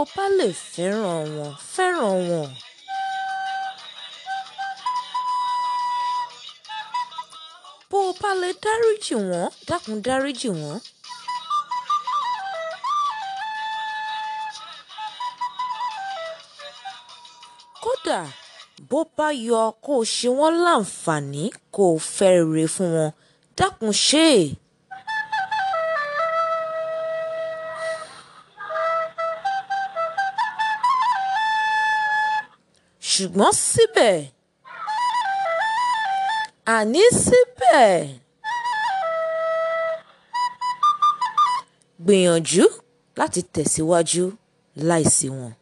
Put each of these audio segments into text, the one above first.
o bá lè fẹ́ràn wọn, fẹ́ràn wọn. Bó o bá lè dáríjì wọ́n, dákun dáríjì wọ́n. kódà bó bá yọ kó o ṣe wọ́n láǹfààní kó o fẹ́ rere fún wọn dákun ṣe é. ṣùgbọ́n síbẹ̀ àní síbẹ̀ gbìyànjú láti tẹ̀síwájú láìsí wọn.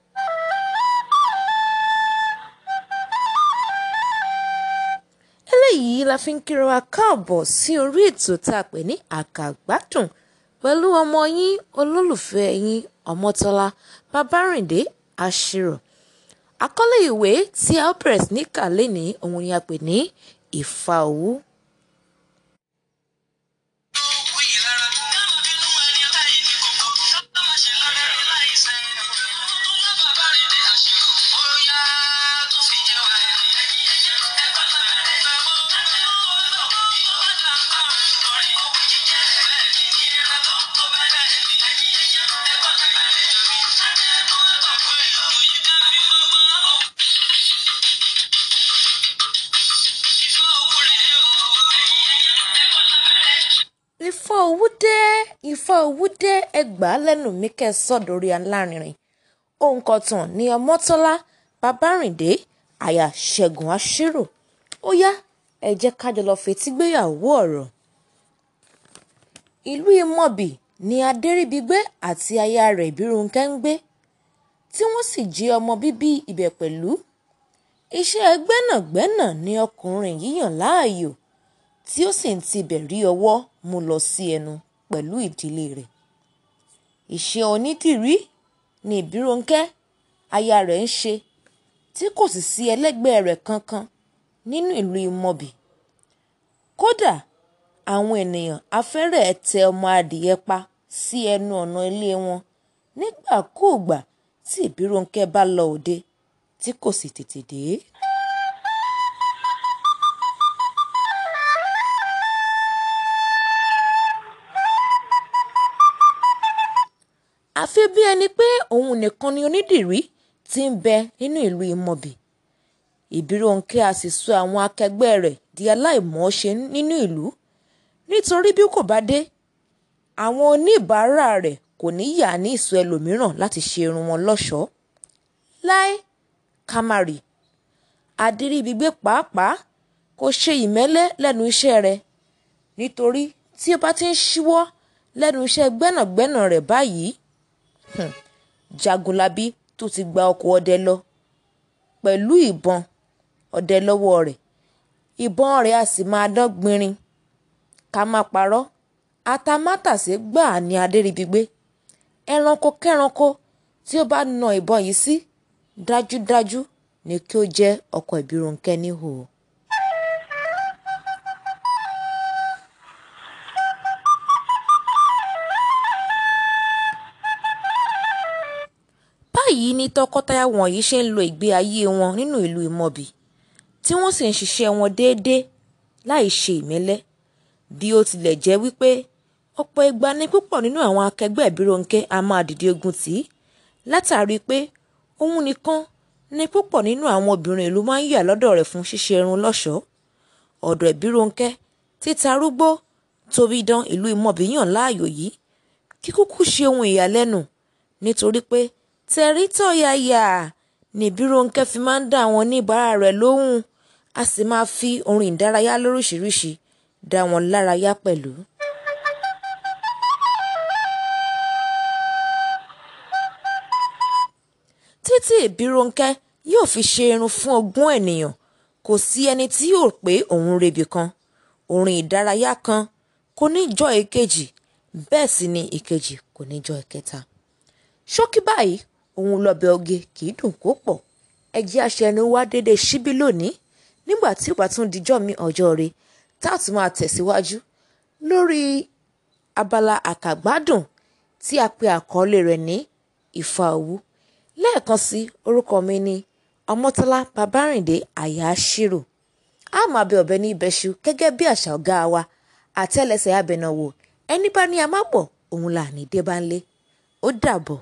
eléyìí la fi ń kíra wa káàbọ̀ sí orí ètò tá a pè ní àkàgbádùn pẹ̀lú ọmọ yín olólùfẹ́ yín ọmọtọ́lá babárìndé àṣírò àkọlé ìwé tí a ó bẹ̀rẹ̀ sí ní kà lénìí òun ni a pè ní ìfà ìfọ́ owú dé ìfọ́ owú dé ẹgbàá lẹ́nu mi kẹ́ ẹ sọ́dọ̀rí alárinrin òǹkọ̀tàn ní ọmọ́tọ́lá babárìndé àyà ṣẹ̀gùn àṣírò ó yá ẹ jẹ́ kájọ lọ fetí gbéyàwó ọ̀rọ̀. ìlú ìmọ̀bì ni adéríbigbé àti aya rẹ̀ ìbírúnkẹ́ ń gbé tí wọ́n sì jí ọmọ bíbí ibẹ̀ pẹ̀lú iṣẹ́ gbẹ́nàgbẹ́nà ni ọkùnrin yìí láàyò tí ó sì ń tibẹ̀ rí ọwọ́ mú lọ sí ẹnu pẹ̀lú ìdílé rẹ̀. Iṣẹ́ onídìrí ni Ìbírónkẹ́ aya rẹ̀ ń ṣe tí kò sì sí ẹlẹ́gbẹ́ rẹ̀ kankan nínú ìlú Ìmọ̀bì. Kódà àwọn ènìyàn afẹ́rẹ̀ tẹ ọmọ adìyẹ pa sí ẹnu ọ̀nà ilé wọn nígbàkúùgbà tí Ìbírónkẹ́ bá lọ òde tí kò sì tètè dé. àfi bí ẹni pé òun nìkan ni onídìrí tí ń bẹ nínú ìlú Ìmọ̀bì Ìbírónkẹ́ a sì sọ àwọn akẹgbẹ́ rẹ̀ di aláìmọ̀ọ́ṣe nínú ìlú nítorí bí kò bá dé àwọn oníbàárà rẹ̀ kò ní yà ní ìsọ ẹlòmíràn láti ṣe irun wọn lọ́ṣọ̀ọ́ láì kámárì adíríbigbé pàápàá kò ṣe ìmẹ́lẹ́ lẹ́nu iṣẹ́ rẹ̀ nítorí tí ó bá ti ń ṣíwọ́ lẹ́nu iṣẹ́ gbẹ́nàgbẹ́nà rẹ̀ báyìí um jagunlabi tó ti gba ọkọ̀ ọdẹ lọ pẹ̀lú ìbọn ọdẹ lọ́wọ́ rẹ̀ ìbọn rẹ̀ á sì máa dán gbinrin ká má parọ́ atamátàsé gbáà ní adéríbigbé ẹranko kẹranko tí ó bá na ìbọn yìí sí dájúdájú ni kí ó jẹ́ ọkọ ìbíròǹkẹ́ níhò báyìí ni tọkọtaya wọ̀nyí ṣe ń lo ìgbé ayé wọn nínú ìlú ìmọ̀bì tí wọ́n sì ń ṣiṣẹ́ wọn déédéé láì ṣe ìmẹ́lẹ́ bí ó tilẹ̀ jẹ́ wípé ọ̀pọ̀ ìgbà ni púpọ̀ nínú àwọn akẹgbẹ́ Bírónkẹ́ a máa dìde ogun tì í látàrí pé òun nìkan ni púpọ̀ nínú àwọn obìnrin ìlú máa ń yà lọ́dọ̀ rẹ̀ fún ṣíṣe irun lọ́ṣọ̀ọ́ ọ̀dọ̀ Bírónkẹ́ títa arúgbó Tóbidán ìlú Ìmọ̀bì yàn láàyò yìí kí ṣe ohun ìyàlẹ́nu nítorí pé tẹ̀rín tọ̀yàyà ni Bí-Ronke fi máa ń dá àwọn oníbàárà rẹ̀ lóhùn á sì máa fi orin ìdárayá lóríṣiríṣi dá wọn lárayá pẹ̀lú. títí Bí-Ronke yóò fi ṣe irun fún ogún ènìyàn kò sí ẹni tí yóò pé òun rebì kan orin ìdárayá kan kò ní jọ èkejì bẹ́ẹ̀ sì ni ìkejì kò ní jọ ìkẹta ṣókí báyìí òun lọ́bẹ̀ oge kì í dùn kó pọ̀ ẹjẹ́ aṣẹ́nu wá dédé síbí lónìí nígbà tí ìgbà tún dijọ́ mi ọjọ́ rẹ̀ tá máa tẹ̀síwájú lórí abala àkàgbádùn tí a pe àkọlé rẹ̀ ní ìfà òwú lẹ́ẹ̀kan sí orúkọ mi ni ọmọtọ́lá babárìndé àyàṣírò a máa bẹ ọ̀bẹ ní ibẹ̀ṣu gẹ́gẹ́ bí àṣà ọ̀gá wa àtẹ́lẹsẹ̀ abẹnàwò ẹni bá ní a má pọ̀ òun là ní débánlé ó dàbọ̀.